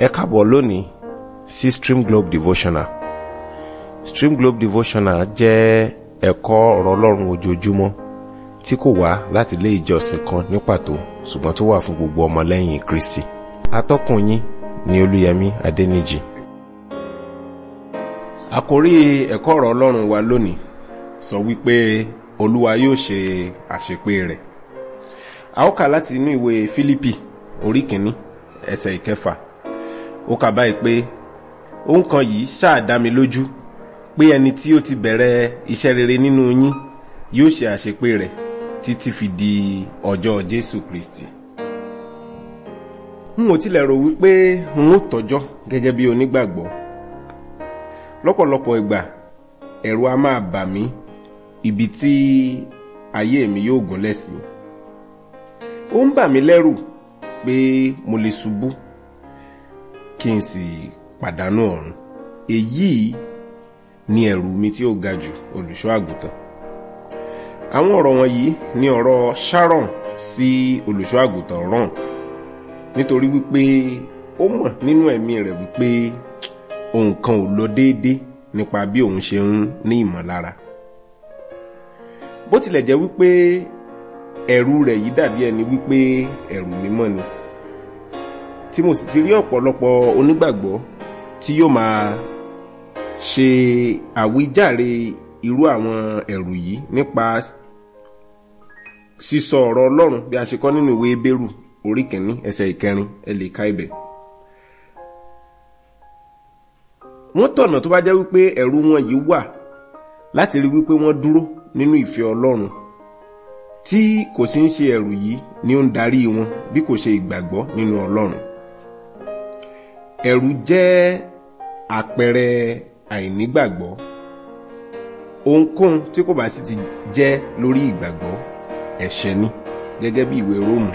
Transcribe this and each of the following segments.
ẹ káàbọ̀ lónìí sí Stream Globe Devotional Stream Globe Devotional jẹ́ ẹ̀kọ́ ọ̀rọ̀ ọlọ́run ojoojúmọ́ tí kò wá láti ilé ìjọsìn kan ní pàtó ṣùgbọ́n tó wà fún gbogbo ọmọlẹ́yìn Kristi atọ́kùn yín ni Olúyẹmí Adẹ́nìjì. àkórí ẹ̀kọ́ ọ̀rọ̀ ọlọ́run wa lónìí sọ wípé olúwa yóò ṣe àṣepé rẹ̀ a ó kà láti inú ìwé Fílípì orí kìíní ẹsẹ̀ ìkẹfà ó kà báyìí pé ohun kan yìí ṣáà dá mi lójú pé ẹni tí ó ti bẹ̀rẹ̀ iṣẹ́ rere nínú yín yóò ṣe àṣepé rẹ̀ títí fi di ọjọ́ Jésù Kristi. n ò tilẹ̀ rò wípé n ó tọ́jọ́ gẹ́gẹ́ bí onígbàgbọ́ lọ́pọ̀lọpọ̀ ìgbà ẹ̀rù a máa bà mí ibi tí ayé mi yóò gúnlẹ̀ sí. ó ń bà mí lẹ́rù pé mo lè ṣubú kí n sì pàdánù ọ̀run èyí ni ẹ̀rù mi tí ó ga jù olùṣọ́ àgùntàn àwọn ọ̀rọ̀ wọ̀nyí ni ọ̀rọ̀ Sharon sí olùṣọ́ àgùntàn Ron nítorí wípé ó mọ̀ nínú ẹ̀mí rẹ̀ wípé òun kan ò lọ déédé nípa bí òun ṣe ń ní ìmọ̀lára bó tilẹ̀ jẹ́ wípé ẹ̀rù rẹ̀ yìí dàbí ẹni wípé ẹ̀rù mímọ́ ni. Wípé, tí mo sì ti rí ọ̀pọ̀lọpọ̀ onígbàgbọ́ tí yóò máa ṣe àwíjàre irú àwọn ẹ̀rù yìí nípa sísọ ọ̀rọ̀ Ọlọ́run bí a ṣe kọ́ nínú ìwé Hébérù orí kìíní ẹsẹ̀ ìkẹrin ẹ lè ka ibẹ̀. wọ́n tọ̀nà tó bá jẹ́ wípé ẹ̀rù wọn yìí wà láti rí wípé wọ́n dúró nínú ìfẹ́ Ọlọ́run tí kò sí ń ṣe ẹ̀rù yìí ni ó ń darí wọn bí kò ṣe ìgbàgbọ́ nínú Ọlọ́run. Ẹ̀rù jẹ́ àpẹẹrẹ àìnígbàgbọ́. Ohunkóhun tí kò bá sì ti jẹ́ lórí ìgbàgbọ́ ẹ̀ṣẹ̀ ni gẹ́gẹ́ bí ìwé Róòmù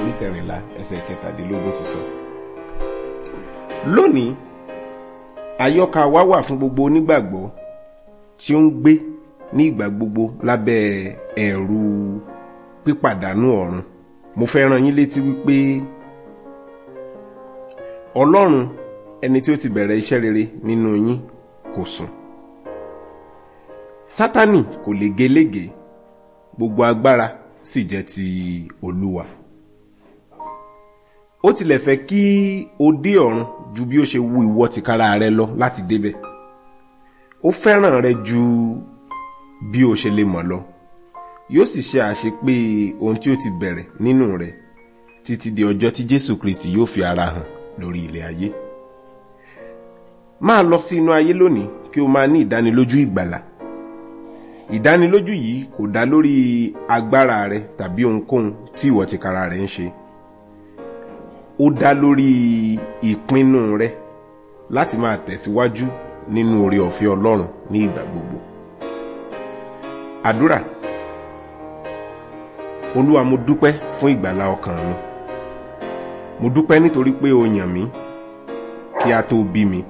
orí kẹrìnlá ẹsẹ̀ kẹtàdínlógún ti sọ. Lónìí, àyọkà wa wà fún gbogbo onígbàgbọ́ tí ó ń gbé ní ìgbà gbogbo lábẹ́ ẹ̀rù pípàdánù ọ̀run. Mo fẹ́ rán yín létí wípé ọlọ́run ẹni tí ó ti bẹ̀rẹ̀ iṣẹ́ rere nínú yín kò sùn sátánì kò légelége gbogbo agbára sì jẹ́ ti olúwa ó tilẹ̀ fẹ́ kí o dé ọ̀run ju bí ó ṣe wu ìwọ tìkára rẹ lọ láti débẹ̀ ó fẹ́ràn rẹ ju bí o ṣe lè mọ̀ lọ yóò sì ṣe àṣepé ohun tí ó ti bẹ̀rẹ̀ nínú rẹ títí di ọjọ́ tí Jésù Kristi yóò fi ara hàn lórí ilẹ̀ ayé máa lọ sí inú ayé lónìí kí o máa ní ìdánilójú ìgbàlà ìdánilójú yìí kò dá lórí agbára rẹ tàbí ohunkóhun tí ìwọ tìkára rẹ ń ṣe ó dá lórí ìpinnu rẹ láti máa tẹ̀síwájú nínú oore ọ̀fẹ́ Ọlọ́run ní ìgbà gbogbo àdúrà Olúwa mo dúpẹ́ fún ìgbàlà ọkàn mi mo dúpẹ́ nítorí pé o yàn mí kí a tó bí mi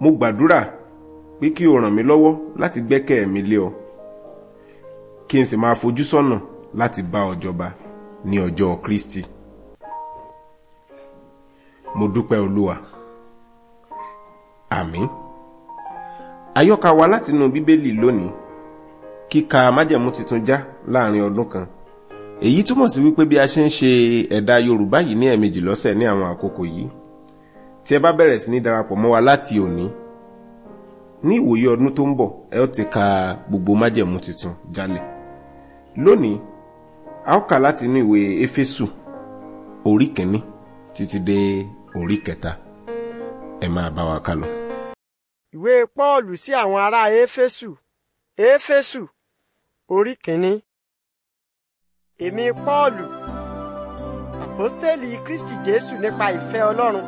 mo gbàdúrà pé kí o ràn mí lọ́wọ́ láti gbẹ́kẹ̀ mi lé ọ kí n sì máa fojú sọ́nà láti bá ọ jọba ní ọjọ́ Kristi mo dúpẹ́ Olúwa àmín àyọkà wa látinú Bíbélì lónìí kíka májẹ̀mú tuntun já láàrin ọdún kan èyí túmọ̀ sí wípé bí a ṣe ń ṣe ẹ̀dà yorùbá yìí ní ẹ̀ẹ̀mejì lọ́sẹ̀ ní àwọn àkókò yìí tí ẹ bá bẹ̀rẹ̀ sí ní darapọ̀ mọ́ wa láti òní ní ìwòye ọdún tó ń bọ̀ ẹ ó ti ka gbogbo májẹ̀mú tuntun jálẹ̀ lónìí a ó kà láti inú ìwé éfésù orí kìíní títí dé orí kẹta ẹ máa bá wa kálọ. ìwé pọ́ọ̀lù sí àwọn ará éfésù éfésù orí kìíní èmi Pọ́ọ̀lù àpọ́stélì Kristi Jésù nípa ìfẹ́ Ọlọ́run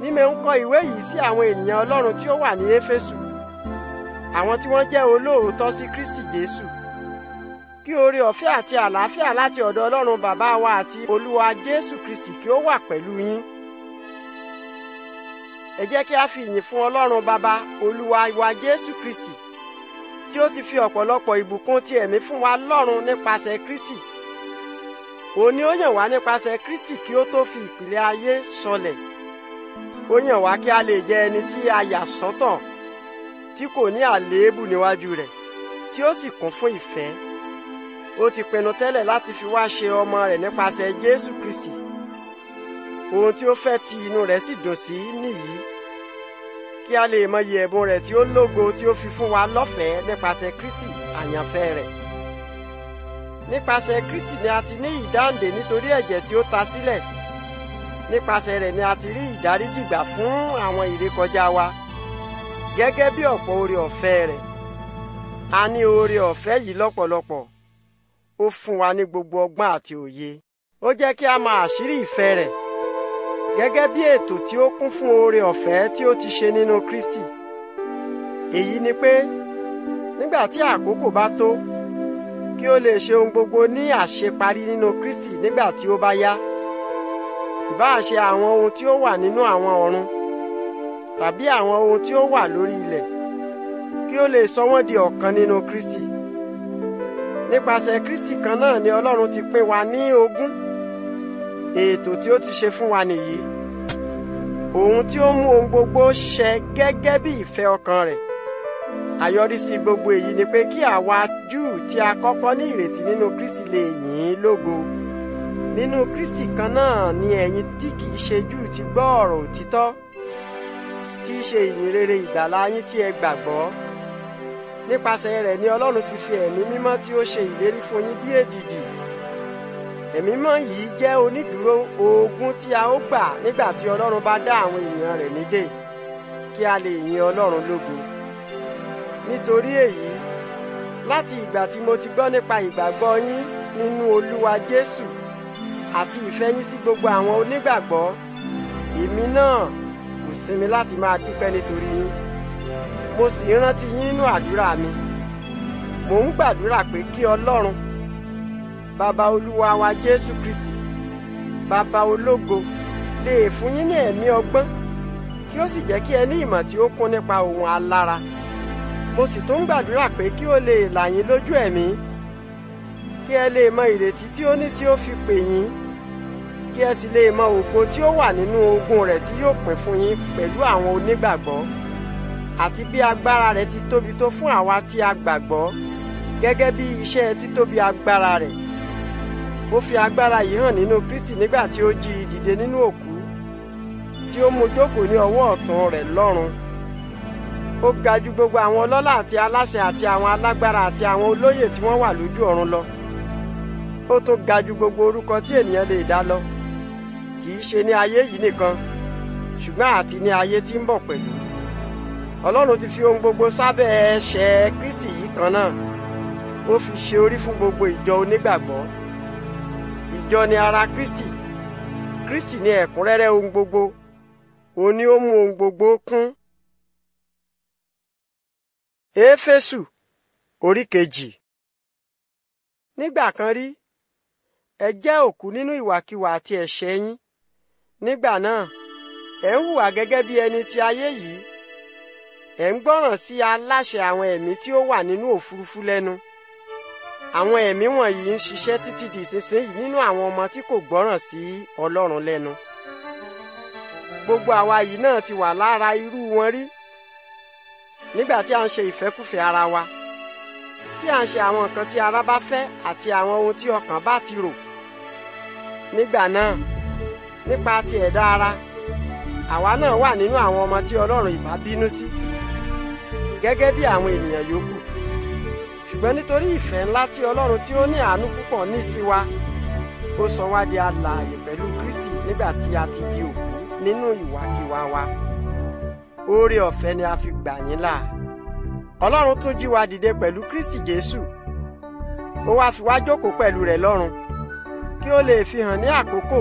ní mo ń kọ ìwé yìí sí àwọn ènìyàn Ọlọ́run tí ó wà ní Éfésù àwọn tí wọ́n jẹ́ olóòótọ́ sí Kristi Jésù kí oore ọ̀fẹ́ àti àlàáfíà láti ọ̀dọ̀ Ọlọ́run bàbá wa àti Olúwa Jésù Kristi kí ó wà pẹ̀lú yín ẹ jẹ́ kí a fi ìyìn fún Ọlọ́run bàbá Olúwa wa Jésù Kristi tí ó ti fi ọ̀pọ̀lọpọ̀ ìbùkún ti ẹ̀mí fún wa lọ́run nípasẹ̀ Kristi òun ni ó yàn wá nípasẹ̀ Kristi kí ó tó fi ìpìlẹ̀ ayé sọlẹ̀ ó yàn wá kí a lè jẹ ẹni tí a yà sọ́tọ̀ tí kò ní àléébù níwájú rẹ̀ tí ó sì kún fún ìfẹ́ ó ti pinnu tẹ́lẹ̀ láti fi wá ṣe ọmọ rẹ̀ nípasẹ̀ Jésù Kristi ohun tí ó fẹ́ ti inú rẹ̀ sì dùn sí nìyí kí a lè mọyì ẹ̀bùn rẹ̀ tí ó lógo tí ó fi fún wa lọ́fẹ̀ẹ́ nípasẹ̀ Kristi àyànfẹ́ rẹ̀ nípasẹ̀ Kristi ni a ti ní ìdáǹdè nítorí ẹ̀jẹ̀ tí ó ta sílẹ̀ nípasẹ̀ rẹ̀ ni a ti rí ìdáríjì gbà fún àwọn ìrékọjá wa gẹ́gẹ́ bí ọ̀pọ̀ oore ọ̀fẹ́ rẹ̀ a ní oore ọ̀fẹ́ yìí lọ́pọ̀lọpọ̀ ó fún wa ní gbogbo ọgbọ́n àti òye ó jẹ́ kí a mọ àṣírí ìfẹ́ rẹ̀ gẹ́gẹ́ bí ètò tí ó kún fún oore ọ̀fẹ́ tí ó ti ṣe nínú Kristi èyí ni pé nígbà tí àkókò bá tó kí ó lè ṣe ohun gbogbo ní àṣeparí nínú Kristi nígbà tí ó bá yá ìbáà àwọn ohun tí ó wà nínú àwọn ọ̀run tàbí àwọn ohun tí ó wà lórí ilẹ̀ kí ó lè sọ wọ́n di ọ̀kan nínú Kristi nípasẹ̀ Kristi kan náà ni Ọlọ́run ti pín wa ní ogún ètò tí ó ti ṣe fún wa nìyí òun tí ó mú ohun gbogbo ṣẹ gẹ́gẹ́ bí ìfẹ́ ọkàn rẹ̀ àyọrísí gbogbo èyí ni pé kí àwa Júù tí a kọ́kọ́ ní ìrètí nínú Kristi lè yìn ín lógo nínú Kristi kan náà ni ẹ̀yin tí kìí ṣe Júù ti gbọ́ ọ̀rọ̀ òtítọ́ tí í ṣe ìyìnrere ìgbàlà yín tí ẹ gbàgbọ́ nípasẹ̀ rẹ̀ ni Ọlọ́run ti fi ẹ̀mí mímọ́ tí ó ṣe ìlérí fún yín bí èdìdì ẹ̀mí mọ́ yìí jẹ́ onídùúró oògùn tí a ó gbà nígbà tí ọlọ́run bá dá àwọn ènìyàn rẹ̀ nídè kí a lè yin ọlọ́run lógo nítorí èyí láti ìgbà tí mo ti gbọ́ nípa ìgbàgbọ́ yín nínú olúwa jésù àti ìfẹ́ yín sí gbogbo àwọn onígbàgbọ́ èmi náà kò sinmi láti máa dúpẹ́ nítorí yín mo sì rántí yín nínú àdúrà mi mò ń gbàdúrà pé kí ọlọ́run bàbá olúwa wa jésù kristi bàbá ológo lè fún yín ní ẹ̀mí ọgbọ́n kí ó sì jẹ́ kí ẹ ní ìmọ̀ tí ó kún nípa ohun alára mo sì tún gbàdúrà pé kí ó lè là yín lójú ẹ̀mí kí ẹ lè mọ ìrètí tí ó ní tí ó fi pè yín kí ẹ sì lè mọ ògo tí ó wà nínú ogun rẹ̀ tí yóò pín fún yín pẹ̀lú àwọn onígbàgbọ́ àti bí agbára rẹ̀ ti tóbi tó fún àwa tí a gbàgbọ́ gẹ́gẹ́ bí iṣẹ́ títóbi agbára rẹ̀ ó fi agbára yìí hàn nínú Kristi nígbà tí ó jí i dìde nínú òkú tí ó mú jókòó ní ọwọ́ ọ̀tún rẹ̀ lọ́run ó ga ju gbogbo àwọn ọlọ́lá àti aláṣẹ àti àwọn alágbára àti àwọn olóyè tí wọ́n wà lójú ọ̀run lọ ó tún ga ju gbogbo orúkọ tí ènìyàn lè dá lọ kì í ṣe ní ayé yìí nìkan ṣùgbọ́n àti ní ayé tí ń bọ̀ pẹ̀lú ọlọ́run ti fi ohun gbogbo sábẹ́ ẹsẹ̀ Kristi yìí kan náà ó fi ṣe orí fún gbogbo ìjọ onígbàgbọ́ ìjọ ni ara Kristi Kristi ni ẹ̀kúnrẹ́rẹ́ ohun gbogbo òun ni ó mú ohun gbogbo kún. Éfésù orí kejì nígbà kan rí ẹ jẹ́ òkú nínú ìwàkiwà àti ẹ̀ṣẹ̀ yín nígbà náà ẹ ń hùwà gẹ́gẹ́ bí ẹni ti ayé yìí ẹ ń gbọ́ràn sí aláṣẹ àwọn ẹ̀mí tí ó wà nínú òfurufú lẹ́nu. No àwọn ẹ̀mí wọ̀nyí ń ṣiṣẹ́ títí di ìsinsìnyí nínú àwọn ọmọ tí kò gbọ́ràn sí Ọlọ́run lẹ́nu gbogbo àwa yìí náà ti wà lára irú wọn rí nígbà tí a ń ṣe ìfẹ́kùfẹ́ ara wa tí a ń ṣe àwọn nǹkan tí ara bá fẹ́ àti àwọn ohun tí ọkàn bá ti rò nígbà náà nípa ti ẹ̀dá ara àwa náà wà nínú àwọn ọmọ tí Ọlọ́run ìbá bínú sí gẹ́gẹ́ bí àwọn ènìyàn yòókù ṣùgbọ́n nítorí ìfẹ́ ńlá tí Ọlọ́run tí ó ní àánú púpọ̀ ní sí wa ó sọ wá di alààyè pẹ̀lú Kristi nígbà tí a ti di òkú nínú ìwàkiwà wa oore ọ̀fẹ́ ni a fi gbà yín là Ọlọ́run tún jí wa dìde pẹ̀lú Kristi Jésù ó wá fi wá jókòó pẹ̀lú rẹ̀ lọ́run kí ó lè fi hàn ní àkókò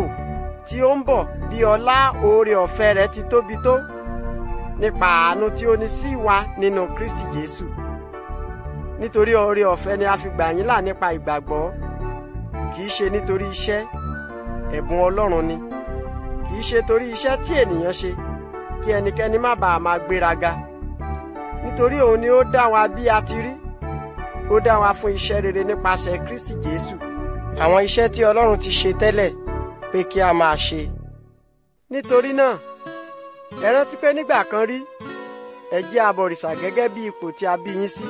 tí ó ń bọ̀ bí ọlá oore ọ̀fẹ́ rẹ̀ ti tóbi tó nípa àánú tí ó ní sí wa nínú Kristi Jésù nítorí oore ọ̀fẹ́ ni a fi gbà yín là nípa ìgbàgbọ́ kì í ṣe nítorí iṣẹ́ ẹ̀bùn Ọlọ́run ni kì í ṣe torí iṣẹ́ tí ènìyàn ṣe kí ẹnikẹ́ni má bàa máa gbéraga nítorí òun ni ó dá wa bí a ti rí ó dá wa fún iṣẹ́ rere nípasẹ̀ Kristi Jésù àwọn iṣẹ́ tí Ọlọ́run ti ṣe tẹ́lẹ̀ pé kí a máa ṣe nítorí náà ẹ rántí pé nígbà kan rí ẹ jẹ́ abọ̀rìṣà gẹ́gẹ́ bí ipò tí a bí yín sí. Si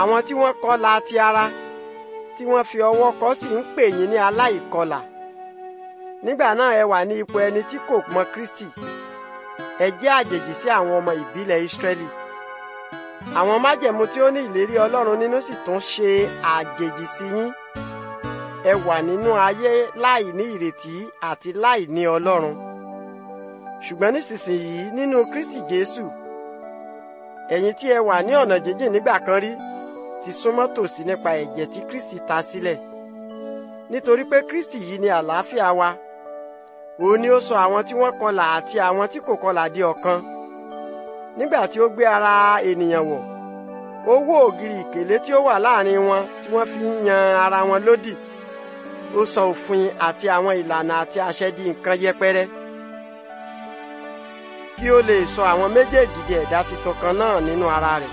àwọn tí wọ́n kọlà ti ara tí wọ́n fi ọwọ́ kọ sì ń pè yín ní aláìkọlà nígbà náà ẹ wà ní ipò ẹni tí kò mọ Kristi ẹ jẹ́ àjèjì sí àwọn ọmọ ìbílẹ̀ Ísírẹ́lì àwọn májẹ̀mú tí ó ní ìlérí Ọlọ́run nínú sì tún ṣe àjèjì sí yín ẹ wà nínú ayé láì ní ìrètí àti láì ní Ọlọ́run ṣùgbọ́n nísinsìnyí nínú Kristi Jésù ẹ̀yin tí ẹ wà ní ọ̀nà jíjìn nígbà kan rí ti súnmọ́ tòsí nípa ẹ̀jẹ̀ tí Kristi ta sílẹ̀ nítorí pé Kristi yìí ni àlàáfíà wa òun ni ó sọ àwọn tí wọ́n kọlà àti àwọn tí kò kọlà di ọ̀kan nígbà tí ó gbé ara ènìyàn wọ̀ ó wó ògiri ìkélé tí ó wà láàrin wọn tí wọ́n fi ń yan ara wọn lódì ó sọ òfin àti àwọn ìlànà àti àṣẹ di nǹkan yẹpẹrẹ kí ó lè sọ àwọn méjèèjì di ẹ̀dá titun kan náà nínú ara rẹ̀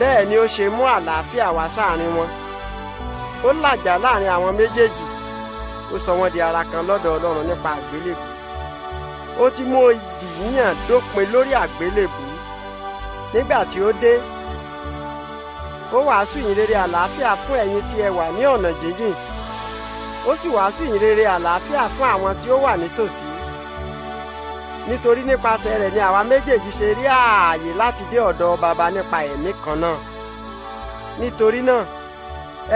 bẹ́ẹ̀ ni ó ṣe mú àlàáfíà wá sáàrin wọn ó làjà láàrin àwọn méjèèjì ó sọ wọn di ara kan lọ́dọ̀ ọlọ́run nípa àgbélébù ó ti mú ìdìyàn dópin lórí àgbélébù nígbà tí ó dé ó wàásù ìyìnrere àlàáfíà fún ẹ̀yin tí ẹ wà ní ọ̀nà jíjìn ó sì wàásù ìyìnrere àlàáfíà fún àwọn tí ó wà nítòsí nítorí nípasẹ̀ rẹ̀ ni àwa méjèèjì ṣe rí ààyè láti dé ọ̀dọ̀ bàbá nípa ẹ̀mí kan náà nítorí náà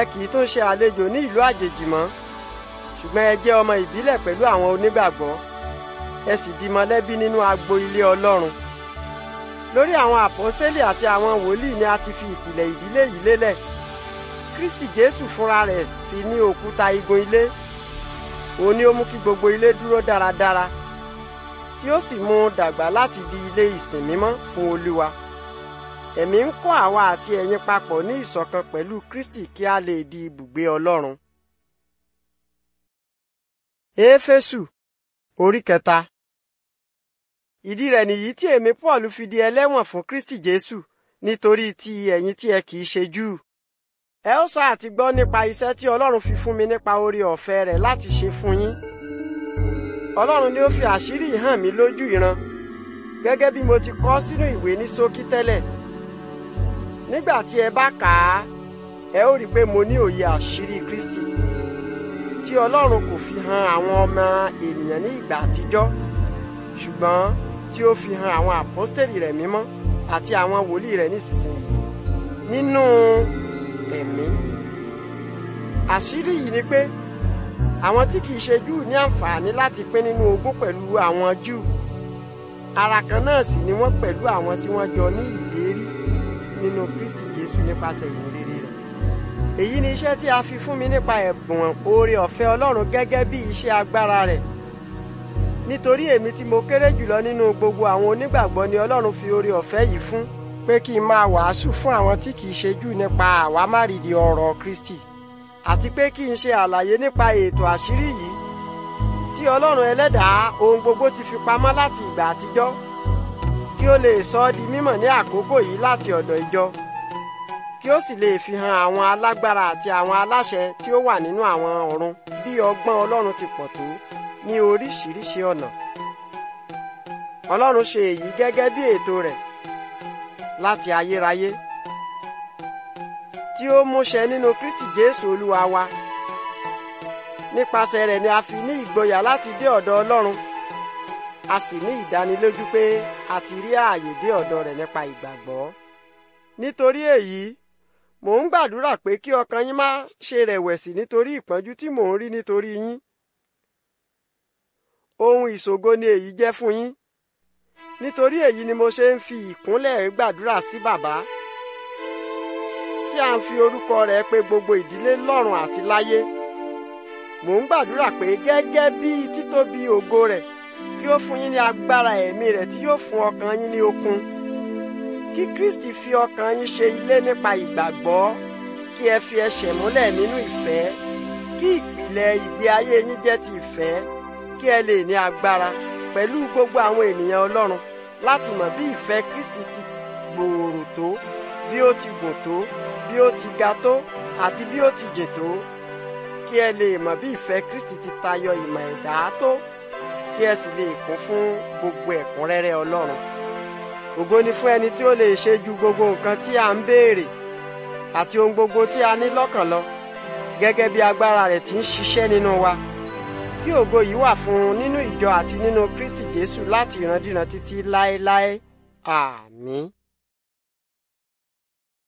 ẹ kì í tún ṣe àlejò ní ìlú àjèjì mọ́ ṣùgbọ́n ẹ jẹ́ ọmọ ìbílẹ̀ pẹ̀lú àwọn onígbàgbọ́ ẹ sì di mọ̀lẹ́bí nínú agbo ilé Ọlọ́run lórí àwọn àpọ́stélì àti àwọn wòlíì ni a ti fi ìpìlẹ̀ ìdílé yìí lélẹ̀ Kristi Jésù fúnra rẹ̀ sì ní òkúta igun ilé òun ni ó mú kí gbogbo ilé dúró dáradára. Dára tí ó sì mú un dàgbà láti di ilé ìsìn mímọ́ fún Olúwa ẹ̀mí ń kọ́ àwa àti ẹ̀yin papọ̀ ní ìṣọ̀kan pẹ̀lú Kristi kí a lè di ibùgbé Ọlọ́run. Éfésù orí kẹta ìdí rẹ̀ nìyí tí èmi Paul fi di ẹlẹ́wọ̀n fún Kristi Jésù nítorí ti ẹ̀yin tí ẹ kì í ṣe Júù ẹ ó sá àti gbọ́ nípa iṣẹ́ tí Ọlọ́run fi fún mi nípa oore ọ̀fẹ́ rẹ̀ láti ṣe fún yín ọlọ́run ni ó fi àṣírí hàn mí lójú ìran gẹ́gẹ́ bí mo ti kọ sínú ìwé ní ṣókí tẹ́lẹ̀ nígbà tí ẹ bá kà á ẹ ó rí i pé mo ní òye àṣírí Kristi tí ọlọ́run kò fi hàn àwọn ọmọ ènìyàn ní ìgbà àtijọ́ ṣùgbọ́n tí ó fi hàn àwọn àpọ́stẹ́lì rẹ̀ mímọ́ àti àwọn wòlíì rẹ̀ nísinsìnyí nínú ẹ̀mí àṣírí yìí ni pé àwọn tí kìí ṣe júù ní àǹfààní láti pín nínú ogún pẹ̀lú àwọn júù ara kan náà sì ni wọ́n pẹ̀lú àwọn tí wọ́n jọ ní ìlérí nínú Kristi Jésù nípasẹ̀ ìhìnrere rẹ̀ èyí ni iṣẹ́ tí a fi fún mi nípa ẹ̀bùn oore ọ̀fẹ́ Ọlọ́run gẹ́gẹ́ bí iṣẹ́ agbára rẹ̀ nítorí èmi tí mo kéré jùlọ nínú gbogbo àwọn onígbàgbọ́ ni Ọlọ́run fi oore ọ̀fẹ́ yìí fún pé kí n máa wàásù fún àwọn tí kìí ṣe júù nípa àwámárìdí ọ̀rọ̀ Kristi àti pé kí n ṣe àlàyé nípa ètò àṣírí yìí tí Ọlọ́run ẹlẹ́dàá ohun gbogbo ti fi pamọ́ láti ìgbà àtijọ́ kí ó lè sọ ọ́ di mímọ̀ ní àkókò yìí láti ọ̀dọ̀ ìjọ kí ó sì lè fi hàn àwọn alágbára àti àwọn aláṣẹ tí ó wà nínú àwọn ọ̀run bí ọgbọ́n Ọlọ́run ti pọ̀ tó ní oríṣiríṣi ọ̀nà Ọlọ́run ṣe èyí gẹ́gẹ́ bí ètò rẹ̀ láti ayérayé tí ó múṣẹ nínú Kristi Jésù Olúwa wa nípasẹ̀ rẹ̀ ni a fi ní ìgboyà láti dé ọ̀dọ̀ Ọlọ́run a sì ní ìdánilójú pé a ti rí ààyè dé ọ̀dọ̀ rẹ̀ nípa ìgbàgbọ́ nítorí èyí mò ń gbàdúrà pé kí ọkàn yín má ṣe rẹ̀wẹ̀sì nítorí ìpọ́njú tí mò ń rí nítorí yín ohun ìṣògo ni èyí jẹ́ fún yín nítorí èyí ni mo ṣe ń fi ìkúnlẹ̀ gbàdúrà sí bàbá a ń fi orúkọ rẹ̀ pè gbogbo ìdílé lọ́run àti láyé mò ń gbàdúrà pé gẹ́gẹ́ bí títóbi ògo rẹ̀ kí ó fún yín ní agbára ẹ̀mí rẹ̀ tí yóò fún ọkàn yín ní okun kí Kristi fi ọkàn yín ṣe ilé nípa ìgbàgbọ́ kí ẹ fi ẹsẹ̀ múlẹ̀ nínú ìfẹ́ kí ìpìlẹ̀ ìgbé ayé yín jẹ́ ti ìfẹ́ kí ẹ lè ní agbára pẹ̀lú gbogbo àwọn ènìyàn Ọlọ́run láti mọ̀ bí ìfẹ́ Kristi ti gbòòrò tó bí ó ti gùn tó bí ó ti ga tó àti bí ó ti jè tó kí ẹ lè mọ̀ bí ìfẹ́ Kristi ti tayọ ìmọ̀ ẹ̀dá tó kí ẹ sì lè kún fún gbogbo ẹ̀kúnrẹ́rẹ́ Ọlọ́run ògo ni fún ẹni tí ó lè ṣe ju gbogbo nǹkan tí a ń béèrè àti ohun gbogbo tí a ní lọ́kàn lọ gẹ́gẹ́ bí agbára rẹ̀ ti ń ṣiṣẹ́ nínú wa kí ògo yìí wà fún nínú ìjọ àti nínú Kristi Jésù láti ìrandíran títí láéláé àmín